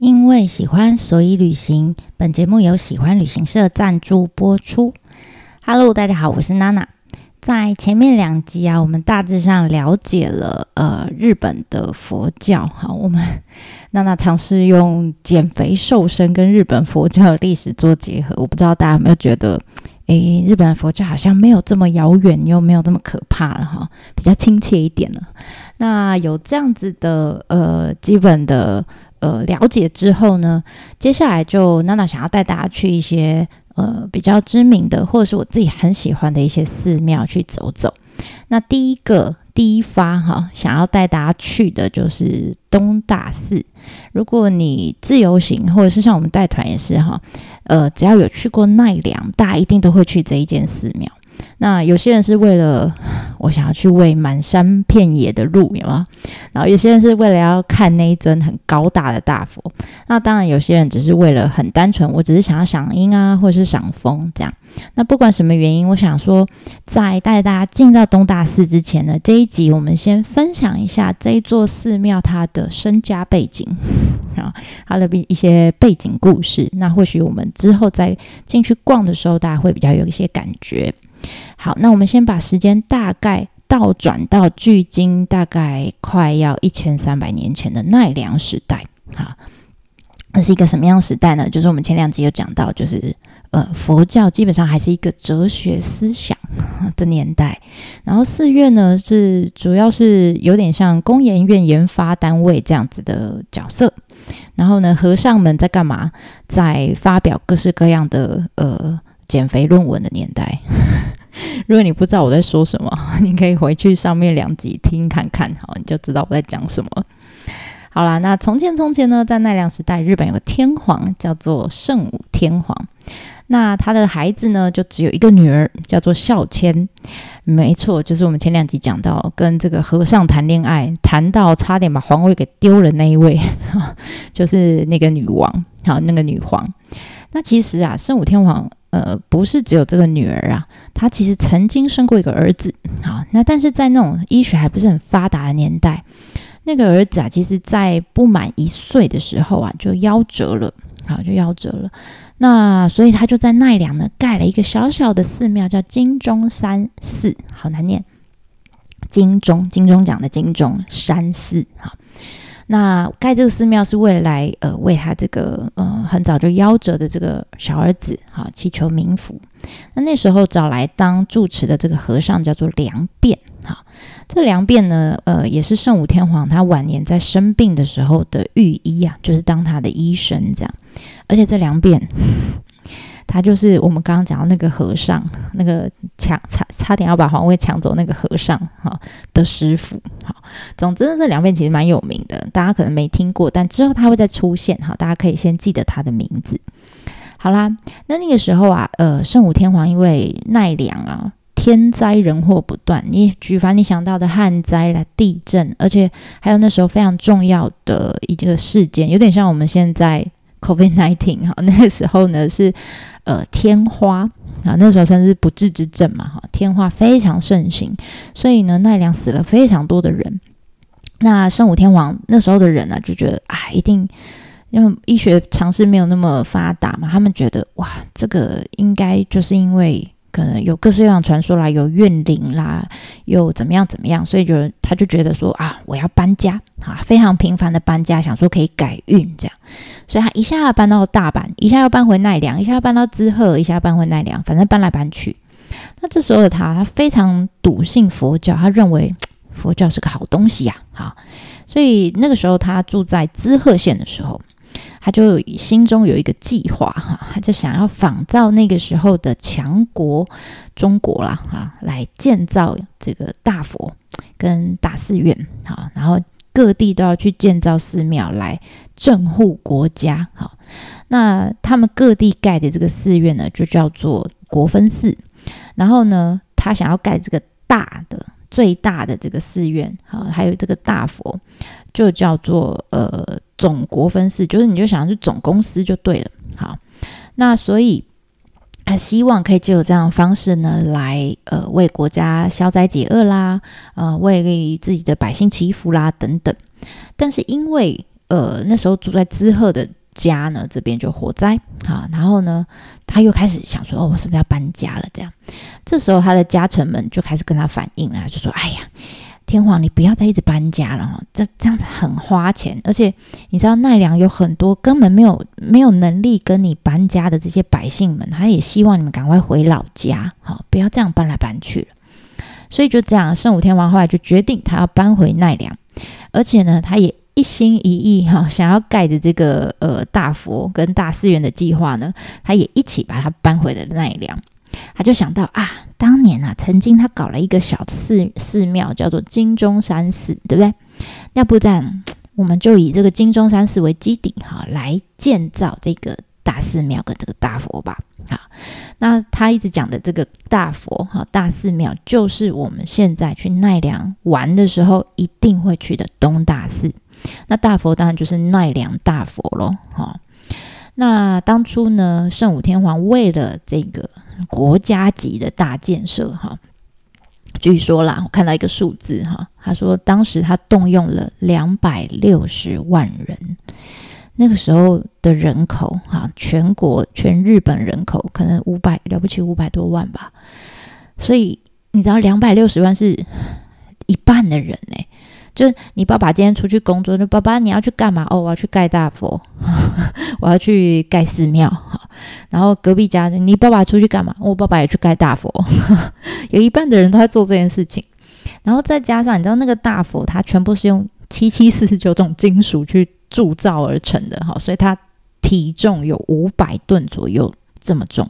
因為喜歡，所以旅行。本節目由喜歡旅行社贊助播出。Hello，大家好，我是娜娜。在前面兩集啊，我們大致上了解了呃日本的佛教。哈，我們娜娜嘗試用減肥瘦身跟日本佛教的歷史做結合。我不知道大家有沒有覺得，誒，日本的佛教好像沒有這麼遙遠，又沒有這麼可怕了哈，比較親切一點了。那有這樣子的呃基本的。呃，了解之後呢，接下來就娜娜想要帶大家去一些呃比較知名的，或者是我自己很喜歡的一些寺廟去走走。那第一個第一發哈、哦，想要帶大家去的就是東大寺。如果你自由行，或者是像我們帶團也是哈、哦，呃，只要有去過奈良，大家一定都會去這一間寺廟。那有些人是為了我想要去餵滿山遍野的鹿，有沒有？然後有些人是為了要看那一尊很高大的大佛。那當然，有些人只是為了很單純，我只是想要賞櫻啊，或者是賞風這樣。那不管什麼原因，我想說，在帶大家進到東大寺之前呢，這一集我們先分享一下這一座寺廟它的身家背景啊，它的一些背景故事。那或許我們之後再進去逛的時候，大家會比較有一些感覺。好，那我們先把時間大概倒轉到距今大概快要一千三百年前的奈良時代。哈，那是一個什麼樣的時代呢？就是我們前兩集有講到，就是呃，佛教基本上還是一個哲學思想的年代。然後寺院呢，是主要是有點像工研院研發單位這樣子的角色。然後呢，和尚們在幹嘛？在發表各式各樣的呃。減肥論文的年代， 如果你不知道我在說什麼，你可以回去上面兩集聽看看，好，你就知道我在講什麼。好啦，那從前從前呢，在奈良時代，日本有個天皇叫做聖武天皇，那他的孩子呢，就只有一個女兒，叫做孝謙，沒錯，就是我們前兩集講到跟這個和尚談戀愛，談到差點把皇位給丟了那一位，就是那個女王，好，那個女皇。那其實啊，聖武天皇呃不是只有這個女兒啊，她其實曾經生過一個兒子啊。好，那但是在那種醫學還不是很發達的年代，那個兒子啊，其實在不滿一歲的時候啊就夭折了，好，就夭折了。那所以他就在奈良呢，蓋了一個小小的寺廟，叫金鐘山寺，好難念，金鐘、金鐘獎的金鐘山寺，好。那蓋這個寺廟是為了來，呃，為他這個，呃，很早就夭折的這個小兒子，哈，祈求冥福。那那時候找來當住持的這個和尚叫做良辯。哈，這良辯呢，呃，也是聖武天皇他晚年在生病的時候的御醫啊，就是當他的醫生這樣。而且這良辯。 他就是我們剛剛講到那個和尚，那個搶差差點要把皇位搶走那個和尚哈的師傅，好，總之這兩位其實蠻有名的，大家可能沒聽過，但之後他會再出現，哈，大家可以先記得他的名字。好啦，那那個時候啊，呃，聖武天皇因為奈良啊，天災人禍不斷，你舉凡你想到的旱災啦、地震，而且還有那時候非常重要的一個事件，有點像我們現在。COVID nineteen 哈，那個時候呢是呃天花啊，那時候算是不治之症嘛，哈，天花非常盛行，所以呢奈良死了非常多的人。那聖武天皇那時候的人呢、啊、就覺得啊，一定因為醫學常識沒有那麼發達嘛，他們覺得哇，這個應該就是因為可能有各式各樣傳說啦，有怨靈啦，又怎麼樣怎麼樣，所以就他就覺得說啊，我要搬家啊，非常頻繁的搬家，想說可以改運這樣。所以他一下搬到大阪，一下要搬回奈良，一下要搬到滋賀，一下搬回奈良，反正搬來搬去。那這時候的他，他非常篤信佛教，他認為佛教是個好東西呀、啊，哈，所以那個時候他住在滋賀縣的時候，他就心中有一個計劃哈，他就想要仿造那個時候的強國中國啦哈，來建造這個大佛跟大寺院，哈，然後。各地都要去建造寺廟來鎮護國家，好，那他們各地蓋的這個寺院呢，就叫做國分寺。然後呢，他想要蓋這個大的、最大的這個寺院，好，還有這個大佛，就叫做呃總國分寺，就是你就想是總公司就對了。好，那所以。他、呃、希望可以借由這樣的方式呢，來呃為國家消災解厄啦，呃為自己的百姓祈福啦等等。但是因為呃那時候住在滋賀的家呢，這邊就火災啊，然後呢他又開始想說，哦我是不是要搬家了？這樣，這時候他的家臣們就開始跟他反應了，就說，哎呀。天皇，你不要再一直搬家了哈、哦，這這樣子很花錢，而且你知道奈良有很多根本沒有沒有能力跟你搬家的這些百姓們，他也希望你們趕快回老家，好、哦，不要這樣搬來搬去了。所以就這樣，聖武天皇後來就決定他要搬回奈良，而且呢，他也一心一意哈、哦，想要蓋的這個呃大佛跟大寺院的計劃呢，他也一起把它搬回了奈良。他就想到啊，當年啊，曾經他搞了一個小寺寺廟，叫做金鐘山寺，對不對？要不然我們就以這個金鐘山寺為基底，哈，來建造這個大寺廟跟這個大佛吧。好，那他一直講的這個大佛，哈，大寺廟就是我們現在去奈良玩的時候一定會去的東大寺。那大佛當然就是奈良大佛嘍，哈。那當初呢，聖武天皇為了這個。國家級的大建設哈，據說啦，我看到一個數字哈，他說當時他動用了兩百六十萬人，那個時候的人口哈，全國全日本人口可能五百了不起五百多萬吧，所以你知道兩百六十萬是一半的人呢、欸。就是你爸爸今天出去工作，就爸爸你要去幹嘛？哦，我要去蓋大佛，呵呵，我要去蓋寺廟。然後隔壁家人，你爸爸出去幹嘛？我爸爸也去蓋大佛呵呵，有一半的人都在做這件事情。然後再加上你知道那個大佛，它全部是用七七四十九種金屬去鑄造而成的哈，所以它體重有五百噸左右這麼重，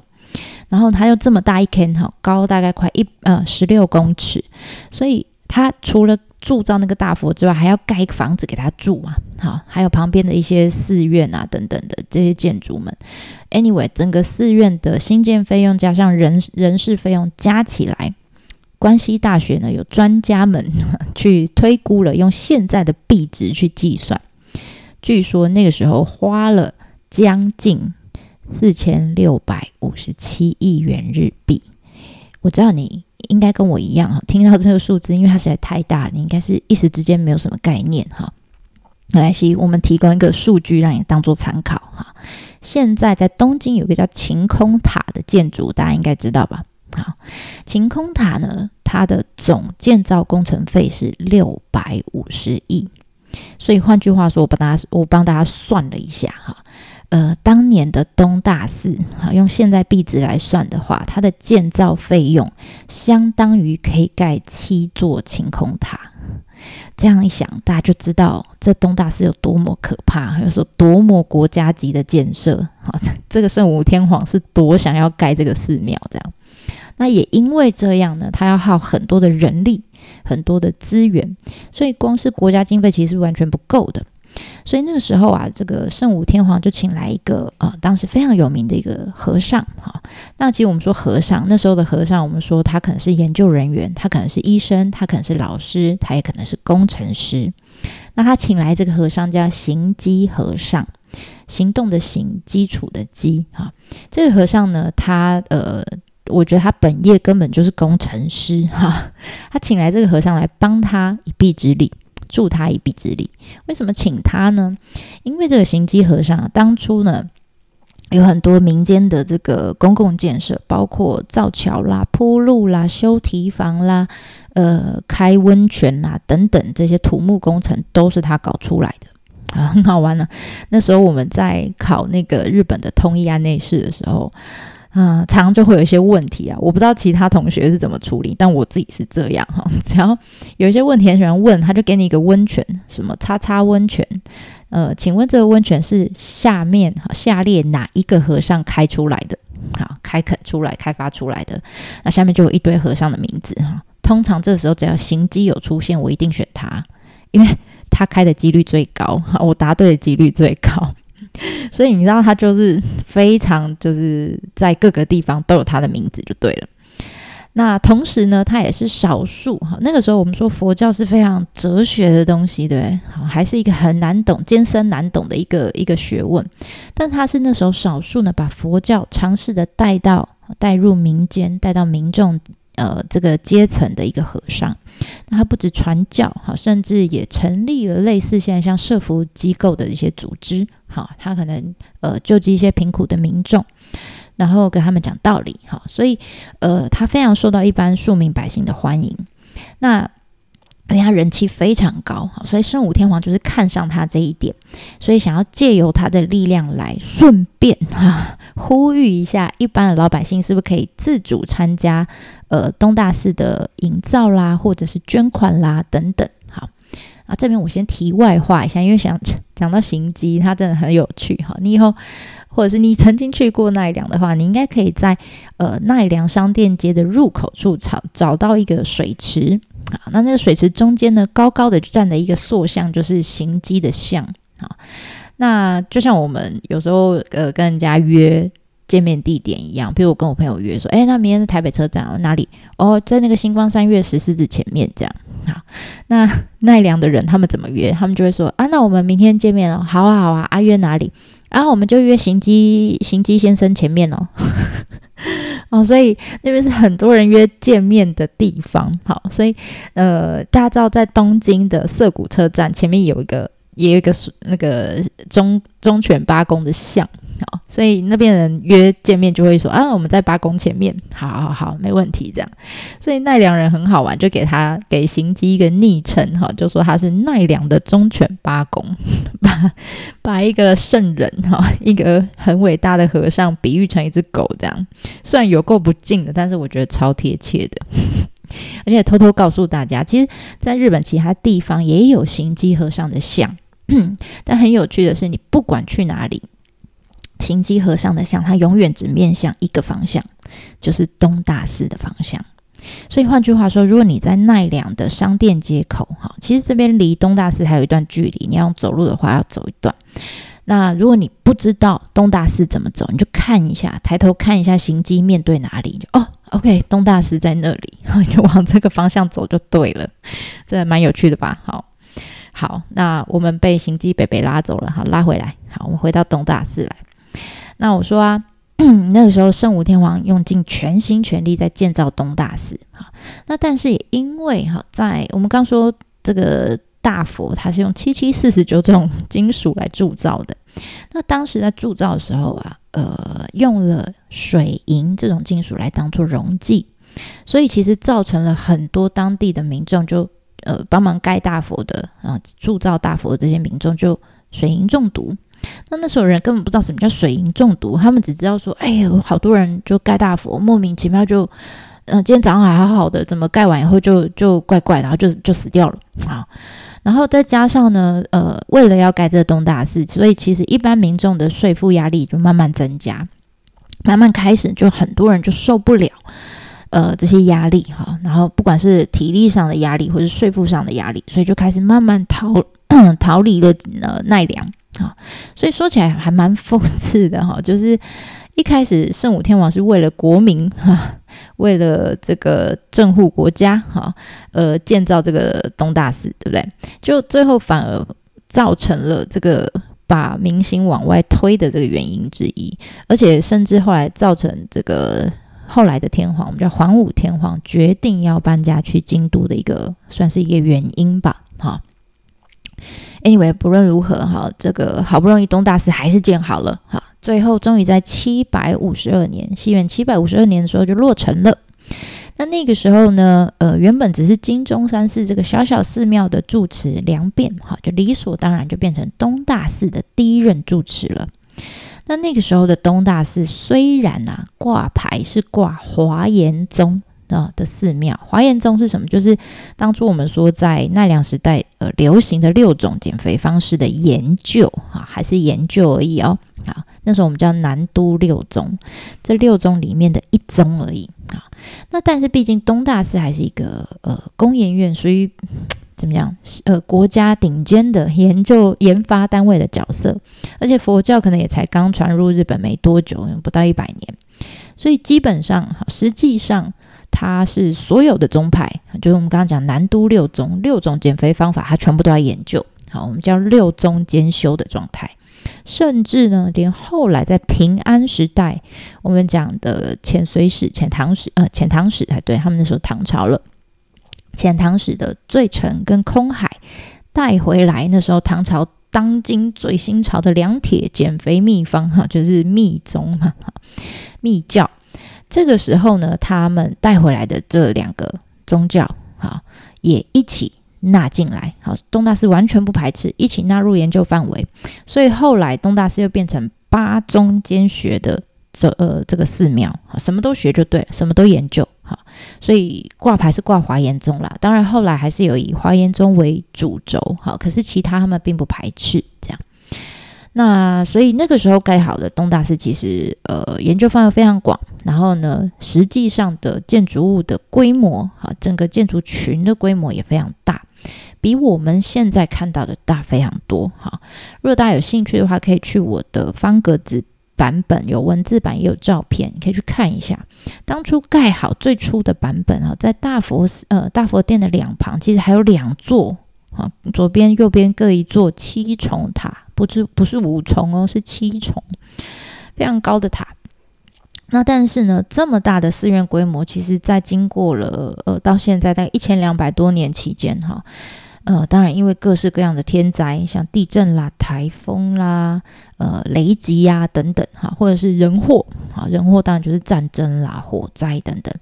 然後它又這麼大一坑。哈，高大概快一呃十六公尺，所以。他除了鑄造那個大佛之外，還要蓋一個房子給他住嘛，好，還有旁邊的一些寺院啊等等的這些建築們。Anyway，整個寺院的新建費用加上人人事費用加起來，關西大學呢有專家們去推估了，用現在的幣值去計算，據說那個時候花了將近四千六百五十七億元日幣。我知道你。應該跟我一樣哈，聽到這個數字，因為它實在太大，你應該是一時之間沒有什麼概念哈。沒關係，我們提供一個數據讓你當做參考哈。現在在東京有一個叫晴空塔的建築，大家應該知道吧？好，晴空塔呢，它的總建造工程費是六百五十億，所以換句話說，我幫大家我幫大家算了一下哈。呃，當年的東大寺哈，用現在幣值來算的話，它的建造費用相當於可以蓋七座晴空塔。這樣一想，大家就知道這東大寺有多麼可怕，又是多麼國家級的建設。好，這個聖武天皇是多想要蓋這個寺廟，這樣。那也因為這樣呢，他要耗很多的人力，很多的資源，所以光是國家經費其實是完全不夠的。所以那個時候啊，這個聖武天皇就請來一個呃，當時非常有名的一個和尚哈、啊。那其實我們說和尚，那時候的和尚，我們說他可能是研究人員，他可能是醫生，他可能是老師，他也可能是工程師。那他請來這個和尚叫行基和尚，行動的行，基礎的基哈、啊。這個和尚呢，他呃，我覺得他本業根本就是工程師哈、啊。他請來這個和尚來幫他一臂之力，助他一臂之力，為什麼請他呢？因為這個行基和尚當初呢，有很多民間的這個公共建設，包括造橋啦、鋪路啦、修堤防啦、呃、開溫泉啦等等，這些土木工程都是他搞出來的啊，很好玩呢、啊。那時候我們在考那個日本的通譯案內士的時候。啊、嗯，常常就會有一些問題啊，我不知道其他同學是怎麼處理，但我自己是這樣哈。只要有一些問題，很喜歡問，他就給你一個溫泉，什麼叉叉溫泉，呃，請問這個溫泉是下面哈下列哪一個和尚開出來的？好，開墾出來、開發出來的，那下面就有一堆和尚的名字哈。通常這時候只要行基有出現，我一定選他，因為他開的幾率最高，我答對的幾率最高。所以你知道他就是非常就是在各個地方都有他的名字就對了。那同時呢，他也是少數哈。那個時候我們說佛教是非常哲學的東西，對，對，還是一個很難懂艱深難懂的一個一個學問。但他是那時候少數呢，把佛教嘗試的帶到帶入民間，帶到民眾呃這個階層的一個和尚。那他不止傳教，甚至也成立了類似現在像社福機構的一些組織，他可能呃救濟一些貧苦的民眾，然後跟他們講道理，所以呃他非常受到一般庶民百姓的歡迎。那而且他人家人氣非常高，所以聖武天皇就是看上他這一點，所以想要借由他的力量來順便哈呼籲一下，一般的老百姓是不是可以自主參加呃東大寺的營造啦，或者是捐款啦等等，好啊，這邊我先題外話一下，因為想講到行基，他真的很有趣，哈、喔。你以後或者是你曾經去過奈良的話，你應該可以在呃奈良商店街的入口處找找到一個水池。啊，那那個水池中間呢，高高的就站了一個塑像，就是行基的像啊。那就像我們有時候呃跟人家約見面地點一樣，比如我跟我朋友約說，誒、欸，那明天是台北車站、哦、哪裡？哦，在那個星光三月十四日前面這樣啊。那奈良的人他們怎麼約？他們就會說啊，那我們明天見面哦，好啊好啊，啊，約哪裡？然、啊、後我們就約行基，行基先生前面哦。 哦，所以那邊是很多人約見面的地方。好，所以呃，大家知道在東京的澀谷車站前面有一個，也有一個那個忠忠犬八公的像。好，所以那邊人約見面就會說：“啊，我們在八公前面。”好，好，好，沒問題。這樣，所以奈良人很好玩，就給他給行基一個昵稱，哈、哦，就說他是奈良的忠犬八公，把把一個聖人，哈、哦，一個很偉大的和尚，比喻成一隻狗，這樣雖然有夠不敬的，但是我覺得超貼切的。而且偷偷告訴大家，其實，在日本其他地方也有行基和尚的像，但很有趣的是，你不管去哪裡。行基和尚的像，它永遠只面向一個方向，就是東大寺的方向。所以換句話說，如果你在奈良的商店街口，哈，其實這邊離東大寺還有一段距離，你要走路的話要走一段。那如果你不知道東大寺怎麼走，你就看一下，抬頭看一下行基面對哪裡，哦，OK，東大寺在那裡，你就往這個方向走就對了。這還蠻有趣的吧？好，好，那我們被行基北北拉走了，好，拉回來，好，我們回到東大寺來。那我說啊，那個時候聖武天皇用盡全心全力在建造東大寺，那但是也因為哈，在我們剛說這個大佛，它是用七七四十九這種金屬來鑄造的。那當時在鑄造的時候啊，呃，用了水銀這種金屬來當做溶劑，所以其實造成了很多當地的民眾就呃幫忙蓋大佛的啊，鑄造大佛的這些民眾就水銀中毒。那那時候人根本不知道什麼叫水銀中毒，他們只知道說：“哎呦，好多人就蓋大佛，莫名其妙就……嗯、呃，今天早上還好好的，怎麼蓋完以後就就怪怪，然後就就死掉了啊。”好，然後再加上呢，呃，為了要蓋這個東大寺，所以其實一般民眾的稅負壓力就慢慢增加，慢慢開始就很多人就受不了，呃，這些壓力哈。然後不管是體力上的壓力，或是稅負上的壓力，所以就開始慢慢逃逃離了呃奈良。啊，所以說起來還蠻諷刺的哈，就是一開始聖武天皇是為了國民哈，為了這個鎮護國家哈，呃，建造這個東大寺，對不對？就最後反而造成了這個把民心往外推的這個原因之一，而且甚至後來造成這個後來的天皇，我們叫桓武天皇，決定要搬家去京都的一個算是一個原因吧，哈。Anyway，不論如何哈，這個好不容易東大寺還是建好了哈，最後終於在七百五十二年，西元七百五十二年的時候就落成了。那那個時候呢，呃，原本只是金鐘山寺這個小小寺廟的住持良辨，哈，就理所當然就變成東大寺的第一任住持了。那那個時候的東大寺雖然啊掛牌是掛華嚴宗。啊、哦、的寺廟，華嚴宗是什麼？就是當初我們說在奈良時代，呃，流行的六種減肥方式的研究啊、哦，還是研究而已哦。啊、哦，那時候我們叫南都六宗，這六宗裡面的一宗而已啊、哦。那但是畢竟東大寺還是一個呃工研院，屬於怎麼樣呃國家頂尖的研究研发單位的角色，而且佛教可能也才剛傳入日本沒多久，不到一百年，所以基本上實際上。他是所有的宗派，就是我們剛剛講南都六宗六種減肥方法，他全部都要研究。好，我們叫六宗兼修的狀態。甚至呢，連後來在平安時代，我們講的《遣隋使》《遣唐使》啊、呃，《遣唐使》才對，他們那時候唐朝了，《遣唐使的最澄跟空海帶回來那時候唐朝當今最新潮的兩鐵減肥秘方哈，就是密宗哈，密教。這個時候呢，他們帶回來的這兩個宗教，哈，也一起納進來。好，東大寺完全不排斥，一起納入研究範圍。所以後來東大寺又變成八宗兼學的這呃這個寺廟，啊，什麼都學就對了，什麼都研究，哈。所以掛牌是掛華嚴宗啦，當然後來還是有以華嚴宗為主軸，哈，可是其他他們並不排斥這樣。那所以那個時候蓋好的東大寺，其實呃研究範圍非常廣。然後呢，實際上的建築物的規模啊，整個建築群的規模也非常大，比我們現在看到的大非常多。哈，如果大家有興趣的話，可以去我的方格子版本，有文字版也有照片，你可以去看一下。當初蓋好最初的版本啊，在大佛寺呃大佛殿的兩旁，其實還有兩座啊，左邊右邊各一座七重塔。不是不是五重哦，是七重，非常高的塔。那但是呢，這麼大的寺院規模，其實在經過了呃到現在大概一千兩百多年期間，哈、哦，呃，當然因為各式各樣的天災，像地震啦、台風啦、呃雷擊呀、啊、等等，哈，或者是人禍，哈，人禍當然就是戰爭啦、火災等等。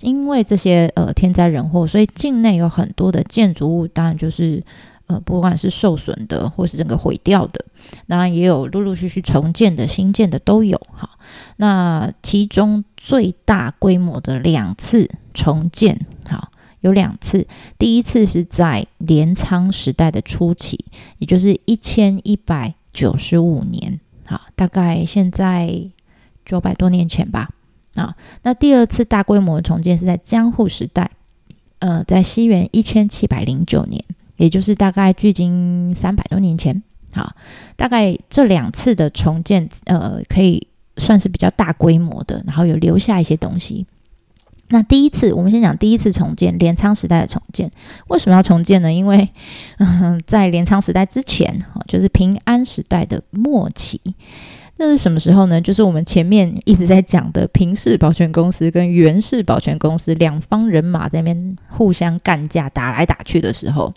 因為這些呃天災人禍，所以境內有很多的建築物，當然就是。呃，不管是受損的，或是整個毀掉的，那也有陸陸續續重建的、新建的都有。哈，那其中最大規模的兩次重建，好，有兩次。第一次是在鎌倉時代的初期，也就是一千一百九十五年，好，大概現在九百多年前吧。啊，那第二次大規模重建是在江戶時代，呃，在西元一千七百零九年。也就是大概距今三百多年前，好，大概這兩次的重建，呃，可以算是比較大規模的，然後有留下一些東西。那第一次，我們先講第一次重建鐮倉時代的重建，為什麼要重建呢？因為，呃，在鐮倉時代之前，哈，哦，就是平安時代的末期。那是什麼時候呢？就是我們前面一直在講的平氏保全公司跟源氏保全公司兩方人馬在那邊互相幹架、打來打去的時候。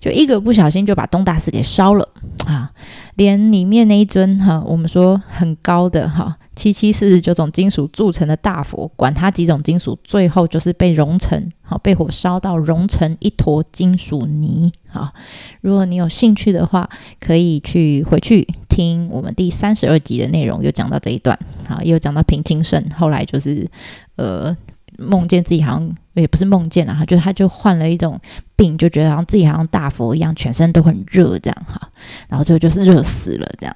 就一個不小心就把東大寺給燒了啊！連裡面那一尊哈、啊，我們說很高的哈、啊，七七四十九種金屬鑄成的大佛，管它幾種金屬，最後就是被熔成，好、啊、被火燒到熔成一坨金屬泥啊！如果你有興趣的話，可以去回去聽我們第三十二集的內容，有講到這一段啊，也有講到平清盛後來就是呃夢見自己好像。也不是夢見了哈，就他就患了一種病，就覺得好像自己好像大佛一樣，全身都很熱這樣哈，然後最後就是熱死了這樣。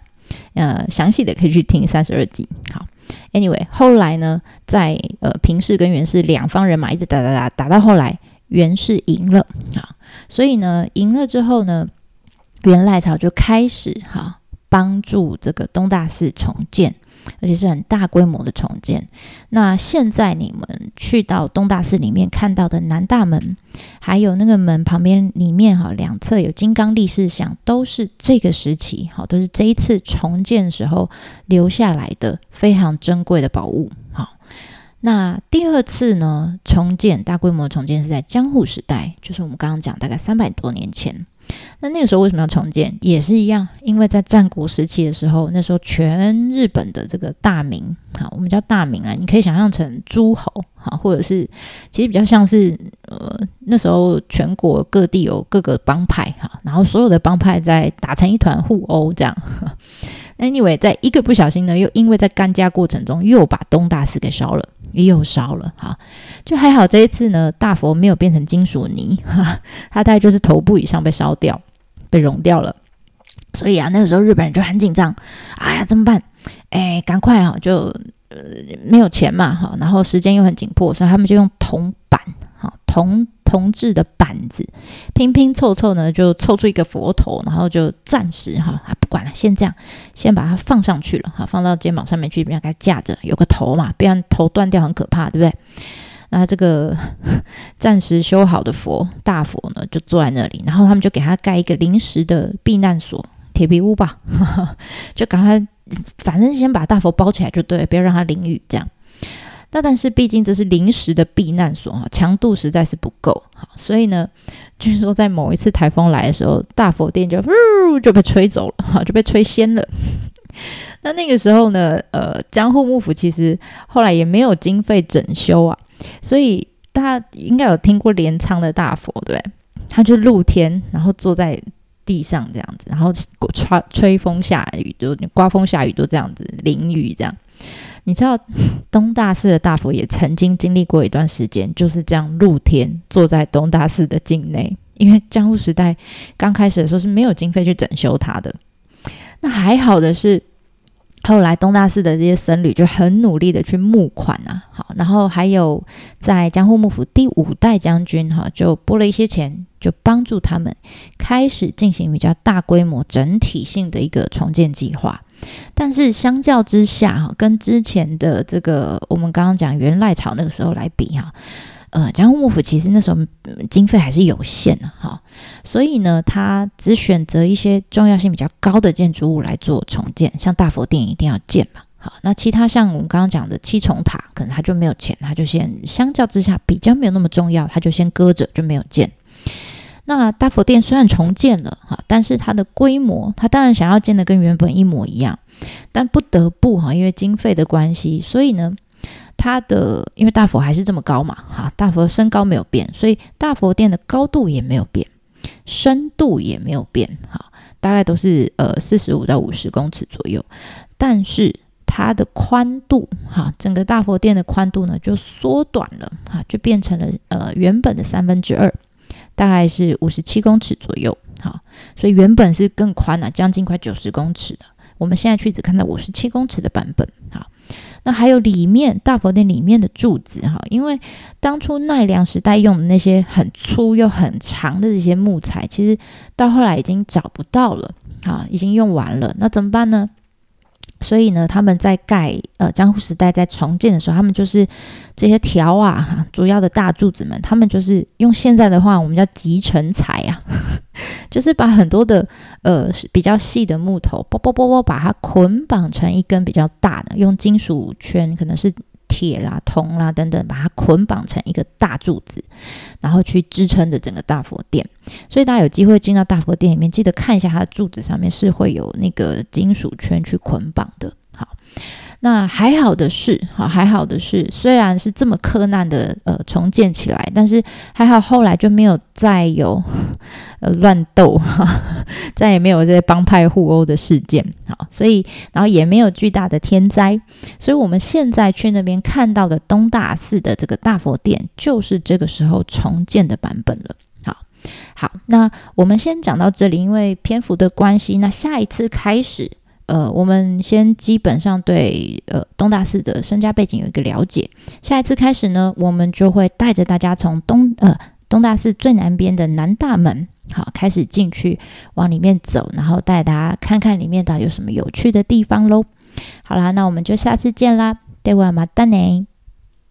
呃，詳細的可以去聽三十二集。好，Anyway，後來呢，在呃平氏跟源氏兩方人馬一直打打打打到後來，源氏贏了啊，所以呢贏了之後呢，源賴朝就開始哈幫助這個東大寺重建。而且是很大規模的重建。那現在你們去到東大寺裡面看到的南大門，還有那個門旁邊裡面哈兩側有金剛力士像，都是這個時期哈，都是這一次重建的時候留下來的非常珍貴的寶物。好，那第二次呢重建，大規模的重建是在江戶時代，就是我們剛剛講大概三百多年前。那那個時候為什麼要重建？也是一樣，因為在戰國時期的時候，那時候全日本的這個大名，哈，我們叫大名啊，你可以想象成諸侯，哈，或者是其實比較像是，呃，那時候全國各地有各個幫派，哈，然後所有的幫派在打成一團互毆這樣。Anyway，在一個不小心呢，又因為在幹架過程中又把東大寺給燒了，又燒了哈，就還好這一次呢，大佛沒有變成金屬泥，哈哈，它大概就是頭部以上被燒掉、被熔掉了。所以啊，那個時候日本人就很緊張，哎呀，怎麼辦？哎，趕快哈、哦，就、呃、沒有錢嘛哈，然後時間又很緊迫，所以他們就用銅板。銅銅制的板子拼拼湊湊呢，就湊出一個佛頭，然後就暫時哈啊不管了，先這樣，先把它放上去了哈，放到肩膀上面去，讓它架着，有個頭嘛，不然頭斷掉很可怕，對不對？那這個暫時修好的佛大佛呢，就坐在那裡，然後他們就給他蓋一個臨時的避難所，鐵皮屋吧，呵呵就趕快，反正先把大佛包起來就對，不要讓它淋雨，這樣。那但,但是畢竟這是臨時的避難所啊，強度實在是不夠，所以呢，據說在某一次台風來的時候，大佛殿就、呃、就被吹走了，就被吹掀了。 那那個時候呢，呃，江戶幕府其實後來也沒有經費整修啊，所以大家應該有聽過鐮倉的大佛，對,不對，他就露天，然後坐在地上這樣子，然後刮吹風下雨，就刮風下雨都這樣子淋雨這樣。你知道東大寺的大佛也曾經經歷過一段時間，就是這樣露天坐在東大寺的境內，因為江戶時代剛開始的時候是沒有經費去整修它的。那還好的是，後來東大寺的這些僧侶就很努力的去募款啊，好，然後還有在江戶幕府第五代將軍哈，就撥了一些錢，就幫助他們開始進行比較大規模整體性的一個重建計劃。但是相較之下，哈，跟之前的這個我們剛剛講源賴朝那個時候來比哈，呃，江戶幕府其實那時候、嗯、經費還是有限的哈、哦，所以呢，他只選擇一些重要性比較高的建築物來做重建，像大佛殿一定要建嘛，好、哦，那其他像我們剛剛講的七重塔，可能他就沒有錢，他就先相較之下比較沒有那麼重要，他就先擱着就沒有建。那大佛殿雖然重建了哈，但是它的規模，它當然想要建的跟原本一模一樣，但不得不哈，因為經費的關係，所以呢，它的因為大佛還是這麼高嘛哈，大佛身高沒有變，所以大佛殿的高度也沒有變，深度也沒有變哈，大概都是呃四十五到五十公尺左右，但是它的寬度哈，整個大佛殿的寬度呢就縮短了哈，就變成了呃原本的三分之二。大概是五十七公尺左右，哈，所以原本是更寬了啊，將近快九十公尺的。我們現在去只看到五十七公尺的版本，哈。那還有裡面大佛殿裡面的柱子，哈，因為當初奈良時代用的那些很粗又很長的這些木材，其實到後來已經找不到了，哈，已經用完了，那怎麼辦呢？所以呢，他們在蓋呃江戶時代在重建的時候，他們就是這些條啊，主要的大柱子們，他們就是用現在的話，我們叫集成材啊，呵呵就是把很多的呃比較細的木頭，啵啵啵啵啵，把它捆綁成一根比較大的，用金屬圈，可能是。鐵啦、銅啦等等，把它捆綁成一個大柱子，然後去支撐着整個大佛殿。所以大家有機會進到大佛殿裡面，記得看一下它的柱子上面是會有那個金屬圈去捆綁的。好。那還好的是，哈、啊，還好的是，雖然是這麼苛難的呃重建起來，但是還好後來就沒有再有呃亂鬥哈、啊，再也沒有這些幫派互毆的事件，好，所以然後也沒有巨大的天災，所以我們現在去那邊看到的東大寺的這個大佛殿，就是這個時候重建的版本了。好，好，那我們先講到這裡，因為篇幅的關係，那下一次開始。呃，我們先基本上對呃東大寺的身家背景有一個了解。下一次開始呢，我們就會帶着大家從東呃東大寺最南邊的南大門，好開始進去，往裡面走，然後帶大家看看裡面到底有什麼有趣的地方嘍。好啦，那我們就下次見啦，ではまたね。